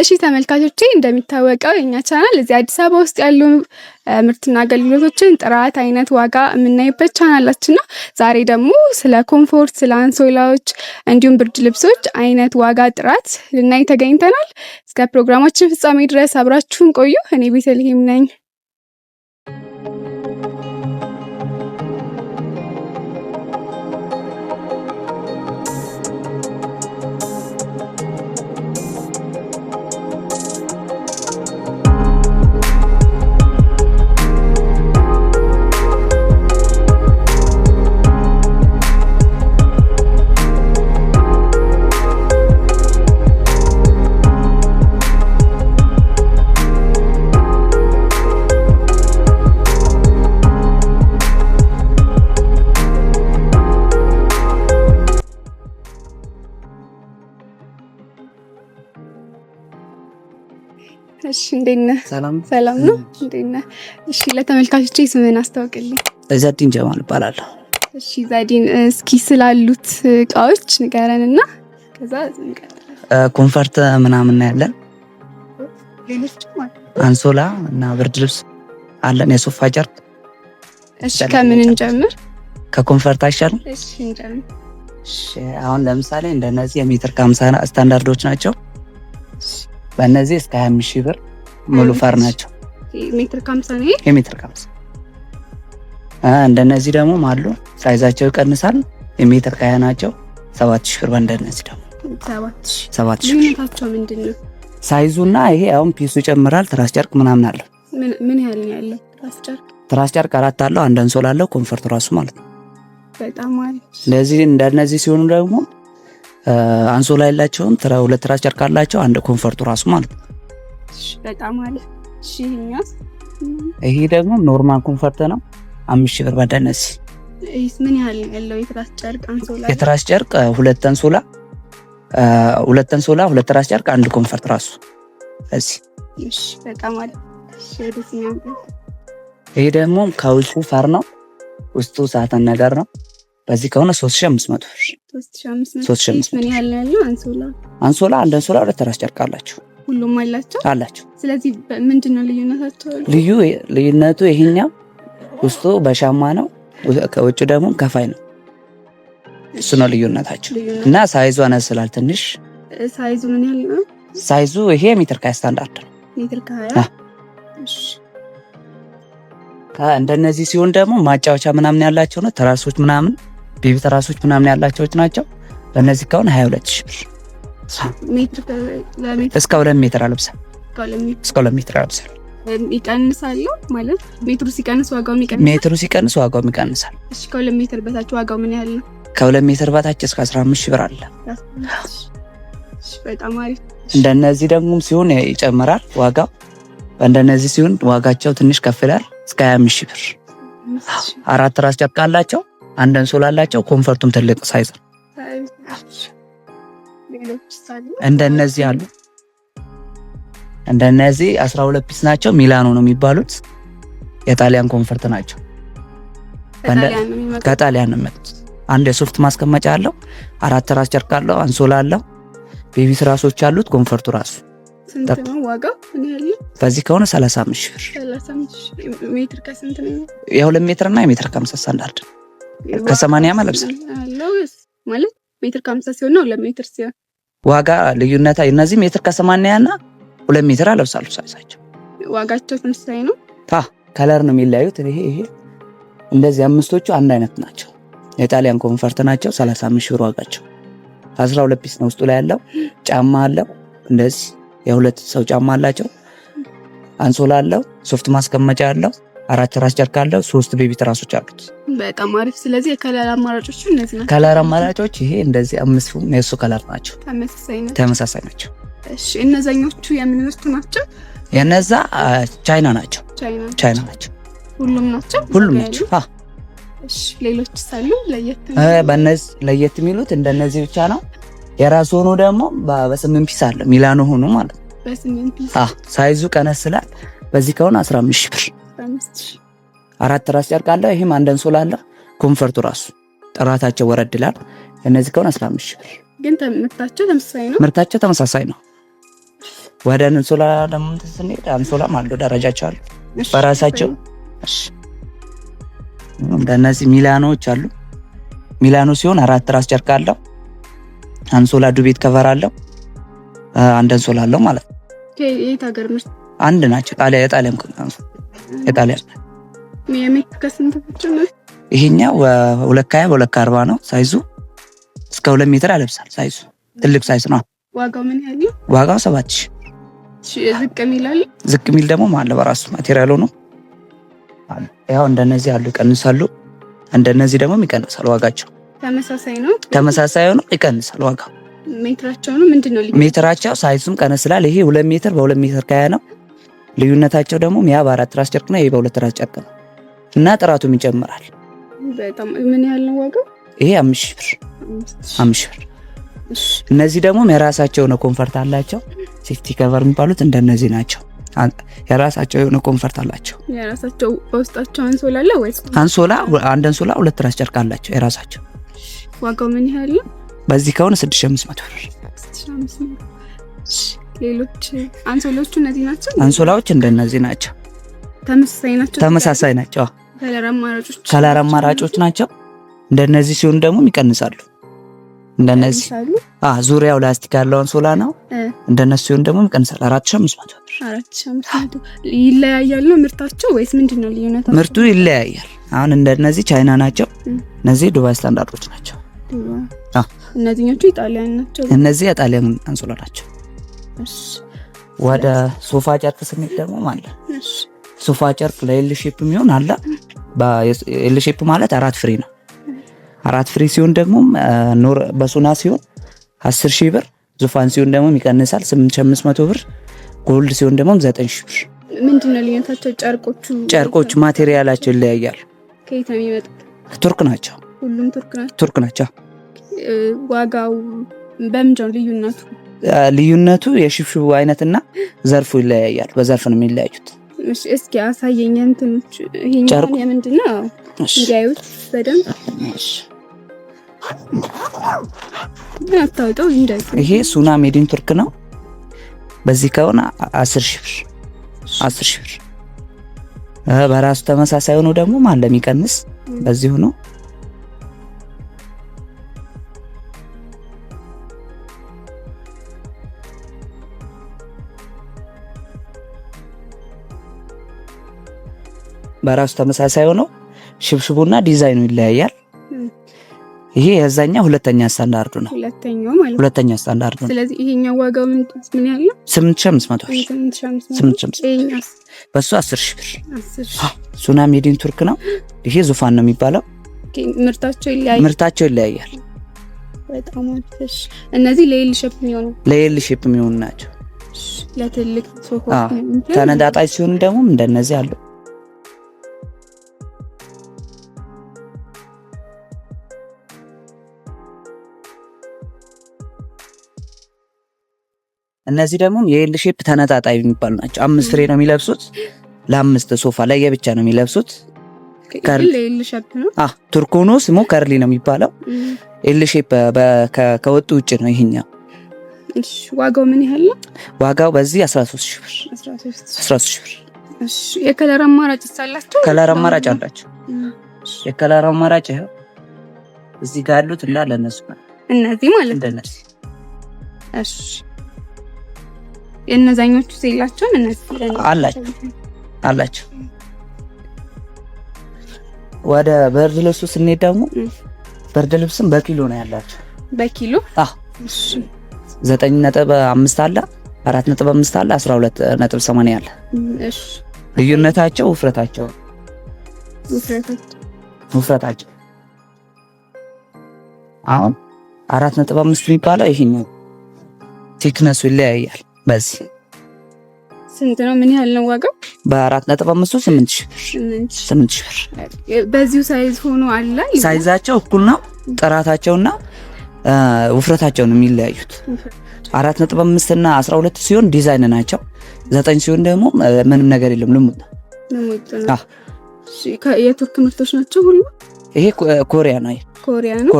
እሺ ተመልካቾቼ እንደሚታወቀው የኛ ቻናል እዚህ አዲስ አበባ ውስጥ ያሉ ምርትና አገልግሎቶችን ጥራት፣ አይነት፣ ዋጋ የምናይበት ቻናላችን ነው። ዛሬ ደግሞ ስለ ኮምፎርት፣ ስለ አንሶላዎች እንዲሁም ብርድ ልብሶች አይነት፣ ዋጋ፣ ጥራት ልናይ ተገኝተናል። እስከ ፕሮግራማችን ፍጻሜ ድረስ አብራችሁን ቆዩ። እኔ ቤተልሔም ነኝ። እሺ፣ እንዴት ነህ? ሰላም ሰላም ነው። እንዴት ነህ? እሺ፣ ለተመልካቾች ስምህን አስታውቅልኝ። ዛዲን ጀማል እባላለሁ። እሺ፣ ዛዲን እስኪ ስላሉት እቃዎች ንገረን እና ከዛ ኮንፈርት ምናምን ያለን አንሶላ እና ብርድ ልብስ አለን፣ የሶፋ ጨርቅ። እሺ፣ ከምን እንጀምር? ከኮንፈርት አይሻልም? እሺ፣ እንጀምር። እሺ፣ አሁን ለምሳሌ እንደነዚህ የሜትር ከሀምሳ ስታንዳርዶች ናቸው በእነዚህ እስከ 25 ሺህ ብር ሙሉ ፈር ናቸው። ሜትር ከሀምሳ ነው። የሜትር ከሀምሳ እንደነዚህ ደግሞ አሉ። ሳይዛቸው ይቀንሳል። የሜትር ከያ ናቸው። ሰባት ሺህ ብር በእንደነዚህ ደግሞ ሰባት ሺህ ልዩነታቸው ምንድን ነው? ሳይዙና ይሄ አሁን ፒሱ ይጨምራል። ትራስ ጨርቅ ምናምን አለው። ምን ያህል ነው ያለው ትራስ ጨርቅ? ትራስ ጨርቅ አራት አለው። አንድ አንሶላ አለው። ኮንፈርት ራሱ ማለት ነው። በጣም አሪፍ። እንደዚህ እንደነዚህ ሲሆኑ ደግሞ አንሶላ የላቸውም፣ ሁለት ራስ ጨርቅ አላቸው። አንድ ኮንፈርቱ ራሱ ማለት ነው። በጣም ይሄ ደግሞ ኖርማል ኮንፈርት ነው። አምስት ሺህ ብር በደነስ ምን ያህል ያለው የትራስ ጨርቅ አንሶላ? የትራስ ጨርቅ ሁለት አንሶላ ሁለት አንሶላ፣ ሁለት ራስ ጨርቅ፣ አንድ ኮንፈርት ራሱ እዚህ። ይሄ ደግሞ ከውጭ ፈር ነው፣ ውስጡ ሳጥን ነገር ነው። በዚህ ከሆነ 3500 ብር። 3500 ምን ያህል ነው? አንሶላ አንሶላ አንድ አንሶላ ሁለት ራስ ጨርቅ አላቸው። ሁሉም አላቸው አላቸው። ስለዚህ ምንድነው ልዩነታቸው? ልዩ ልዩነቱ ይሄኛው ውስጡ በሻማ ነው፣ ከውጭ ደግሞ ከፋይ ነው። እሱ ነው ልዩነታቸው። እና ሳይዙ አነስ ስላል ትንሽ ሳይዙ ምን ያህል ነው? ሳይዙ ይሄ ሜትር ከሀያ ስታንዳርድ ነው። ሜትር ከሀያ እንደነዚህ ሲሆን ደግሞ ማጫወቻ ምናምን ያላቸው ነው። ተራሶች ምናምን ቤቢ ትራሶች ምናምን ያላቸውች ናቸው። በእነዚህ ከሆነ 22 ሺህ ብር እስከ ሁለት ሜትር አለብሳ እስከ ሁለት ሜትር አለብሳል። ሜትሩ ሲቀንስ ዋጋው ይቀንሳል። ሜትሩ ከሁለት ሜትር በታች ዋጋው ምን ያህል ነው? ከሁለት ሜትር በታች እስከ 15 ሺህ ብር አለ። እንደነዚህ ደግሞ ሲሆን ይጨምራል ዋጋው። እንደነዚህ ሲሆን ዋጋቸው ትንሽ ከፍ ይላል እስከ 25 ሺህ ብር። አራት ራስ ጨርቅ አላቸው አንድ አንሶላ አላቸው። ኮንፈርቱም ትልቅ ሳይዝ እንደነዚህ አሉ። እንደነዚህ 12 ፒስ ናቸው። ሚላኖ ነው የሚባሉት። የጣሊያን ኮንፈርት ናቸው። ከጣሊያን ነው የሚመጡት። አንድ የሶፍት ማስቀመጫ አለው። አራት ራስ ጨርቅ አለው። አንሶላ አለው። ቤቢ ራሶች አሉት። ኮንፈርቱ ራሱ በዚህ ከሆነ 35 ሺህ ብር የሁለት ሜትር እና የሜትር ከ50 ስታንዳርድ ከሰማንያ ለብሳል ማለት ሜትር ከሀምሳ ሲሆን ነው ለሜትር ሲሆን ዋጋ ልዩነት እነዚህ ሜትር ከሰማንያ እና ሁለት ሜትር አለብሳሉ። ሳይሳቸው ዋጋቸው ተመሳሳይ ነው። ታ ከለር ነው የሚለያዩት። ይሄ ይሄ እንደዚህ አምስቶቹ አንድ አይነት ናቸው። የጣሊያን ኮንፈርት ናቸው። 35 ሺህ ብር ዋጋቸው። 12 ፒስ ነው ውስጡ ላይ ያለው። ጫማ አለው እንደዚህ የሁለት ሰው ጫማ አላቸው። አንሶላ አለው። ሶፍት ማስቀመጫ አለው። አራት ራስ ጨርቅ አለ። ሶስት ቤቢ ትራሶች አሉት። በጣም አሪፍ። ስለዚህ የከለር አማራጮቹ እነዚህ ናቸው። ከለር አማራጮች ይሄ እንደዚህ አምስቱ የእሱ ከለር ናቸው፣ ተመሳሳይ ናቸው። እሺ እነዛኞቹ የምንወስዱ ናቸው። የነዛ ቻይና ናቸው፣ ቻይና ናቸው። ሁሉም ናቸው፣ ሁሉም ናቸው። እሺ ሌሎች ሳሉ ለየት በእነዚህ ለየት የሚሉት እንደነዚህ ብቻ ነው። የራሱ ሆኖ ደግሞ በስምንት ፒስ አለ ሚላኖ ሆኖ ማለት ነው። ሳይዙ ቀነስ ስላል በዚህ ከሆነ 15 ሺህ ብር አራት ራስ ጨርቅ አለ። ይህም አንድ አንሶላ አለ። ኮንፈርቱ ራሱ ጥራታቸው ወረድ ይላል። እነዚህ ከሆነ አስራ አምስት ሺህ ግን ምርታቸው ተመሳሳይ ነው። ምርታቸው ተመሳሳይ ነው። ወደ አንሶላ ለምን ስንሄድ አንሶላም አለው ደረጃቸው አሉ በራሳቸው። እንደነዚህ ሚላኖች አሉ። ሚላኖ ሲሆን አራት ራስ ጨርቅ አለው። አንሶላ ዱቤት ከቨር አለው። አንድ አንሶላ አለው ማለት ነው። አንድ ናቸው። ጣሊያ የጣሊያም አንሶላ የጣሊያን ይሄኛው ሁለት ከሀያ በሁለት ከአርባ ነው ሳይዙ። እስከ ሁለት ሜትር ያለብሳል ሳይዙ። ትልቅ ሳይዝ ነው። ዋጋው ሰባት ዝቅ ሚል ደግሞ ማለ በራሱ ማቴሪያሉ ነው። ያው እንደነዚህ አሉ ይቀንሳሉ። እንደነዚህ ደግሞ ይቀንሳል ዋጋቸው። ተመሳሳይ ነው፣ ይቀንሳል ዋጋው። ሜትራቸው ሳይዙም ቀነስላል ይሄ ሁለት ሜትር በሁለት ሜትር ከያ ነው። ልዩነታቸው ደግሞ ሚያ በአራት ራስ ጨርቅና ይሄ በሁለት ራስ ጨርቅ ነው እና ጥራቱም ይጨምራል። በጣም ምን ያህል ነው ዋጋው? ይሄ አምስት ሺህ ብር አምስት ሺህ ብር። እነዚህ ደግሞ የራሳቸው የሆነ ኮንፈርት አላቸው። ሴፍቲ ከቨር የሚባሉት እንደነዚህ ናቸው። የራሳቸው የሆነ ኮንፈርት አላቸው። የራሳቸው በውስጣቸው አንሶላ አለ ወይስ አንሶላ? አንድ አንሶላ ሁለት ራስ ጨርቅ አላቸው የራሳቸው። ዋጋው ምን ያህል ነው? በዚህ ከሆነ መቶ ብር ሌሎች አንሶላዎቹ እነዚህ ናቸው። አንሶላዎች እንደነዚህ ናቸው። ተመሳሳይ ናቸው። ተመሳሳይ ናቸው። ከለር አማራጮች ናቸው። እንደነዚህ ሲሆን ደግሞ ይቀንሳሉ። እንደነዚህ አዎ፣ ዙሪያው ላስቲክ ያለው አንሶላ ነው። እንደነሱ ሲሆን ደግሞ ይቀንሳል። አራት ሺህ አምስት መቶ ብር። አራት ሺህ አምስት መቶ ይለያያል ነው ምርታቸው ወይስ ምንድን ነው ልዩነታቸው? ምርቱ ይለያያል። አሁን እንደነዚህ ቻይና ናቸው። እነዚህ ዱባይ ስታንዳርዶች ናቸው። እነዚህኞቹ ኢጣሊያን ናቸው። እነዚህ የጣሊያን አንሶላ ናቸው። ወደ ሶፋ ጨርቅ ስንሄድ ደግሞ ማለት ሶፋ ጨርቅ ለኤልሼፕ የሚሆን አለ። ኤልሼፕ ማለት አራት ፍሬ ነው። አራት ፍሬ ሲሆን ደግሞ ኖር በሱና ሲሆን አስር ሺህ ብር ዙፋን ሲሆን ደግሞ ይቀንሳል ስምንት ሺህ አምስት መቶ ብር ጎልድ ሲሆን ደግሞ ዘጠኝ ሺህ ብር። ምንድነው ልዩነታቸው? ጨርቆቹ ጨርቆቹ ማቴሪያላቸው ይለያያል። ከየት ነው የሚመጡት? ቱርክ ናቸው። ሁሉም ቱርክ ናቸው። ዋጋው በምንድነው ልዩነቱ? ልዩነቱ የሽብሽቡ አይነትና ዘርፉ ይለያያል። በዘርፍ ነው የሚለያዩት። እስኪ አሳየኝ። እንትኖች ይሄኛው የምንድን ነው እንዲያዩት በደንብ አታውጠው። እንደዚህ ይሄ ሱና ሜድን ቱርክ ነው። በዚህ ከሆነ አስር ሺህ ብር አስር ሺህ ብር በራሱ ተመሳሳይ ሆኖ ደግሞ ማን ለሚቀንስ በዚህ ሆኖ በራሱ ተመሳሳይ ሆነው ሽብሽቡና ዲዛይኑ ይለያያል። ይሄ የዛኛው ሁለተኛ ስታንዳርዱ ነው። ሁለተኛው ማለት ሁለተኛ ስታንዳርዱ ነው። ስለዚህ ይሄኛው ዋጋው ምን ምን ያለ 8500 ብር 8500 በሱ 10 ሺህ ብር ሱና ሜዲን ቱርክ ነው። ይሄ ዙፋን ነው የሚባለው። ምርታቸው ይለያያል። ምርታቸው ይለያያል። በጣም እነዚህ ለኤል ሼፕ የሚሆኑ ለኤል ሼፕ የሚሆኑ ናቸው። ለትልቅ ሶፋ ተነጣጣይ ሲሆኑ ደግሞ እንደነዚህ አሉ። እነዚህ ደግሞ የኤል ሼፕ ተነጣጣይ የሚባሉ ናቸው። አምስት ፍሬ ነው የሚለብሱት። ለአምስት ሶፋ ላይ የብቻ ነው የሚለብሱት። ቱርኮኖ ስሙ ከርሊ ነው የሚባለው። ኤል ሼፕ ከወጡ ውጭ ነው ይሄኛው። ዋጋው ምን ያህል ነው? ዋጋው በዚህ 13 ሺህ ብር 13 ሺህ ብር። የከለር አማራጭ አላቸው። ከለር አማራጭ አላቸው። የከለር አማራጭ ይኸው እዚህ ጋር ያሉት እንዳለ እነሱ እነዚህ ማለት ነው። እሺ የእነዛኞቹ የላቸውም። እነዚህ አላቸው አላቸው። ወደ በርድ ልብሱ ስንሄድ ደግሞ በርድ ልብስም በኪሎ ነው ያላቸው። በኪሎ ዘጠኝ ነጥብ አምስት አለ አራት ነጥብ አምስት አለ አስራ ሁለት ነጥብ ሰማንያ አለ። ልዩነታቸው ውፍረታቸው ውፍረታቸው አሁን አራት ነጥብ አምስት የሚባለው ይሄኛው ቴክነሱ ይለያያል። በዚህ ስንት ነው? ምን ያህል ነው ዋጋው? በአራት ነጥብ አምስቱ ስምንት ሺህ ብር። በዚሁ ሳይዝ ሆኖ አለ። ሳይዛቸው እኩል ነው። ጥራታቸውና ውፍረታቸው ነው የሚለያዩት። አራት ነጥብ አምስት እና አስራ ሁለት ሲሆን ዲዛይን ናቸው። ዘጠኝ ሲሆን ደግሞ ምንም ነገር የለም ልሙጥ ነው። የቱርክ ምርቶች ናቸው ሁሉ። ይሄ ኮሪያ ነው። ኮሪያ ነው።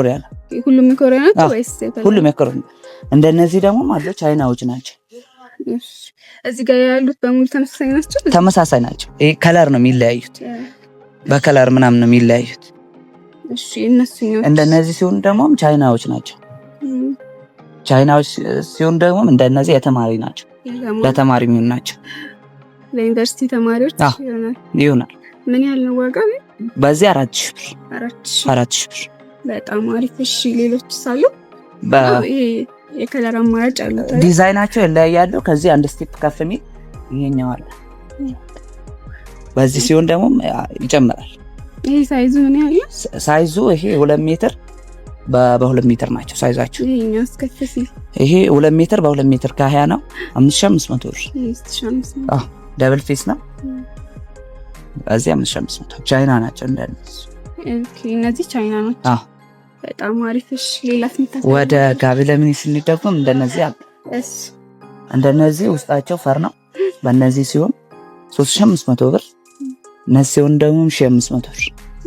ሁሉም የኮሪያ ናቸው ሁሉም የኮሪያ? እንደነዚህ ደግሞ አለ። ቻይናዎች ናቸው እዚህ ጋር ያሉት በሙሉ ተመሳሳይ ናቸው። ተመሳሳይ ናቸው። ይሄ ከለር ነው የሚለያዩት፣ በከለር ምናምን ነው የሚለያዩት። እንደነዚህ ሲሆን ደግሞ ቻይናዎች ናቸው። ቻይናዎች ሲሆኑ ደግሞ እንደነዚህ የተማሪ ናቸው፣ ለተማሪ የሚሆኑ ናቸው። ለዩኒቨርሲቲ ተማሪዎች ይሆናል። ምን ያህል ነው ዋጋ? በዚህ አራት ሺህ ብር። አራት ሺህ ብር በጣም አሪፍ። እሺ ሌሎች ሳሉ የከለር አማራጭ አለው። ዲዛይናቸው ይለያያሉ። ከዚህ አንድ ስቴፕ ከፍ የሚል ይሄኛው አለ። በዚህ ሲሆን ደግሞ ይጨምራል። ይሄ ሳይዙ ምን ያህል ሳይዙ ይሄ ሁለት ሜትር በሁለት ሜትር ናቸው ሳይዛቸው። ይሄ ሁለት ሜትር በሁለት ሜትር ከሀያ ነው። አምስት ሺህ አምስት መቶ ብር ደብል ፌስ ነው። በዚህ አምስት ሺህ አምስት መቶ ቻይና ናቸው እንዳለ እነዚህ ቻይና ናቸው። በጣም አሪፍ። እሺ ሌላስ? ወደ ጋቢ ለምን ስንደጉም እንደነዚህ አለ። እሺ እንደነዚህ ውስጣቸው ፈር ነው። በእነዚህ ሲሆን 3500 ብር፣ እነዚህ ሲሆን ደግሞ 1500 ብር።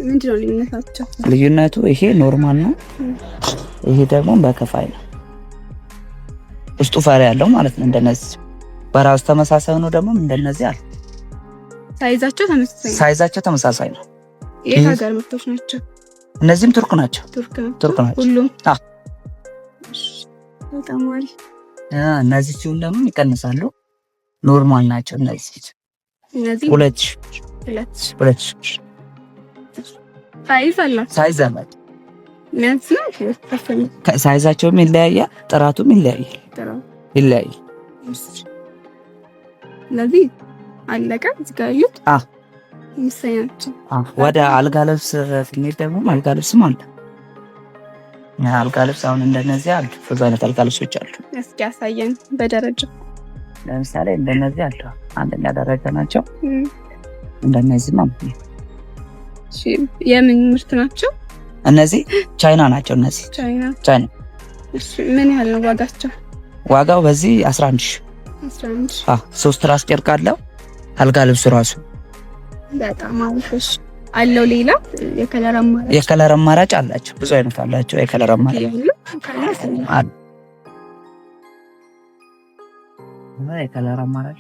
ምንድን ነው ልዩነታቸው? ልዩነቱ ይሄ ኖርማል ነው፣ ይሄ ደግሞ በከፋይ ነው። ውስጡ ፈር ያለው ማለት ነው። እንደነዚህ በራሱ ተመሳሳይ ነው። ደግሞ እንደነዚህ አለ። ሳይዛቸው ተመሳሳይ ነው። ሳይዛቸው ተመሳሳይ ነው። የት ሀገር ምርቶች ናቸው? እነዚህም ቱርክ ናቸው። ቱርክ ናቸው ሁሉም። እነዚህ ሲሆን ደግሞ ይቀንሳሉ። ኖርማል ናቸው እነዚህ ሁለት ሁለት ሳይዝ አላቸው። ሳይዛቸውም ይለያያል፣ ጥራቱም ይለያያል ይለያያል። እነዚህ አለቀ ዝጋዩት ወደ አልጋ ልብስ ስንሄድ ደግሞ አልጋ ልብስም አለ። አልጋ ልብስ አሁን እንደነዚህ አሉ። ብዙ አይነት አልጋ ልብሶች አሉ። እስኪ ያሳየን በደረጃ ለምሳሌ እንደነዚህ አሉ። አንደኛ ደረጃ ናቸው። እንደነዚህ የምን ምርት ናቸው? እነዚህ ቻይና ናቸው። እነዚህ ቻይና ምን ያህል ነው ዋጋቸው? ዋጋው በዚህ 11 ሺህ ሶስት ራስ ጨርቅ አለው አልጋ ልብሱ ራሱ በጣም አለው ሌላ የከለር አማራጭ የከለር አላቸው። ብዙ አይነት አላቸው የከለር አማራጭ አሉ። የከለር አማራጭ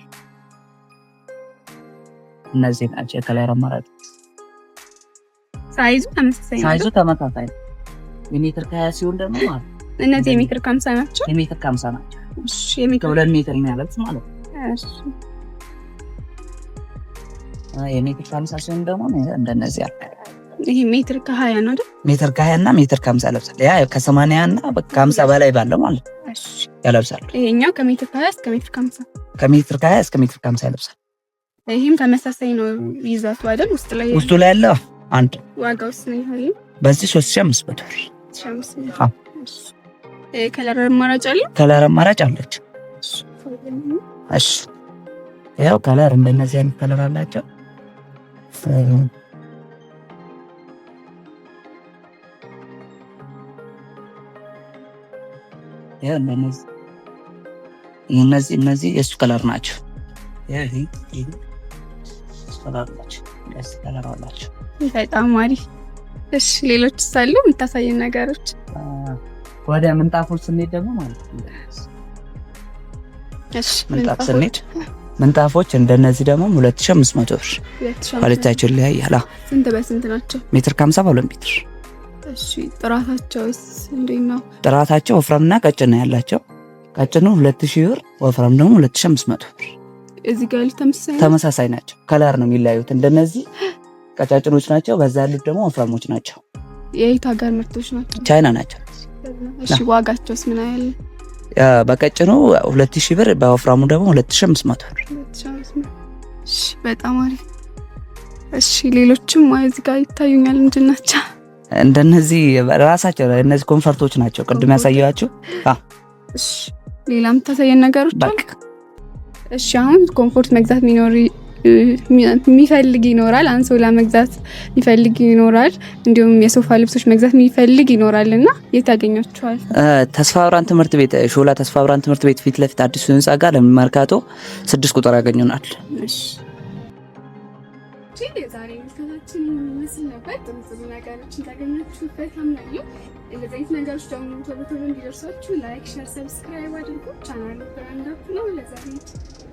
እነዚህ ናቸው። የከለር አማራጭ ሳይዙ ተመሳሳይ ነው። ሳይዙ ተመሳሳይ ነው። የሜትር ከሀያ ሲሆን ደግሞ ማለት እነዚህ የሜትር ከሀምሳ ናቸው። የሜትር ከሀምሳ ናቸው። ከሁለት ሜትር ነው ያለብት ማለት ነው። የሜትር ከሀምሳ ሲሆን ደግሞ እንደነዚያ ይሄ ሜትር ከሀያ ነው አይደል? ሜትር ከሀያ እና ሜትር ከሀምሳ ለብሳል። ያ ከሰማንያ እና ከሀምሳ በላይ ባለው ማለት ነው ያለብሳል። ይሄኛው ከሜትር ከሀያ እስከ ሜትር ከሀምሳ ከሜትር ከሀያ እስከ ሜትር ከሀምሳ ያለብሳል። ይህም ተመሳሳይ ነው ይዘቱ አይደል? ውስጥ ላይ ውስጡ ላይ ያለው አንድ ዋጋ ውስጥ ነው። ይሄ በዚህ ሶስት ሺህ አምስት መቶ ብር ከለር አማራጭ አለ። ከለር አማራጭ አለች። እሺ ያው ከለር እንደነዚህ አይነት ከለር አላቸው። አይመስለኝም። እነዚህ እነዚህ የእሱ ከለር ናቸው። በጣም አሪፍ። እሺ ሌሎች ሳሉ የምታሳየን ነገሮች ወደ ምንጣፉ ስንሄድ ደግሞ ማለት ነው። ምንጣፍ ስንሄድ ምንጣፎች እንደነዚህ ደግሞ 2500 ብር። ኳሊቲያቸው ይለያያል። ስንት በስንት ናቸው? ሜትር ከ50 በሁለት ሜትር። እሺ ጥራታቸውስ እንዴት ነው? ጥራታቸው ወፍራምና ቀጭን ነው ያላቸው። ቀጭኑ 2000 ብር፣ ወፍራም ደግሞ 2500 ብር። እዚህ ጋር ተመሳሳይ ተመሳሳይ ናቸው። ከለር ነው የሚለያዩት። እንደነዚህ ቀጫጭኖች ናቸው፣ በዛ ያሉት ደግሞ ወፍራሞች ናቸው። የየት ሀገር ምርቶች ናቸው? ቻይና ናቸው። እሺ ዋጋቸውስ ምን ያህል በቀጭኑ ሁለት ሺህ ብር በወፍራሙ ደግሞ ሁለት ሺህ አምስት መቶ በጣም አሪፍ። እሺ ሌሎችም እዚህ ጋር ይታዩኛል። ምንድን ናቸው? እንደነዚህ ራሳቸው እነዚህ ኮንፈርቶች ናቸው ቅድም ያሳየኋቸው። ሌላም ታሳየን ነገሮች አሉ። እሺ አሁን ኮምፎርት መግዛት ሚኖር የሚፈልግ ይኖራል፣ አንሶላ መግዛት የሚፈልግ ይኖራል፣ እንዲሁም የሶፋ ልብሶች መግዛት የሚፈልግ ይኖራል እና የት ያገኛቸዋል? ተስፋ ብርሃን ትምህርት ቤት ሾላ ተስፋ ብርሃን ትምህርት ቤት ፊት ለፊት አዲሱ ህንፃ ጋር ለመርካቶ ስድስት ቁጥር ያገኙናል። ዛሬ ምልከታችን ምስል ነበር። እንደዚህ አይነት ነገሮች ደግሞ ቶሎ ቶሎ እንዲደርሷችሁ ላይክ፣ ሸር፣ ሰብስክራይብ አድርጉ። ቻናሉ ብራንድ አፕ ነው። ለዛሬ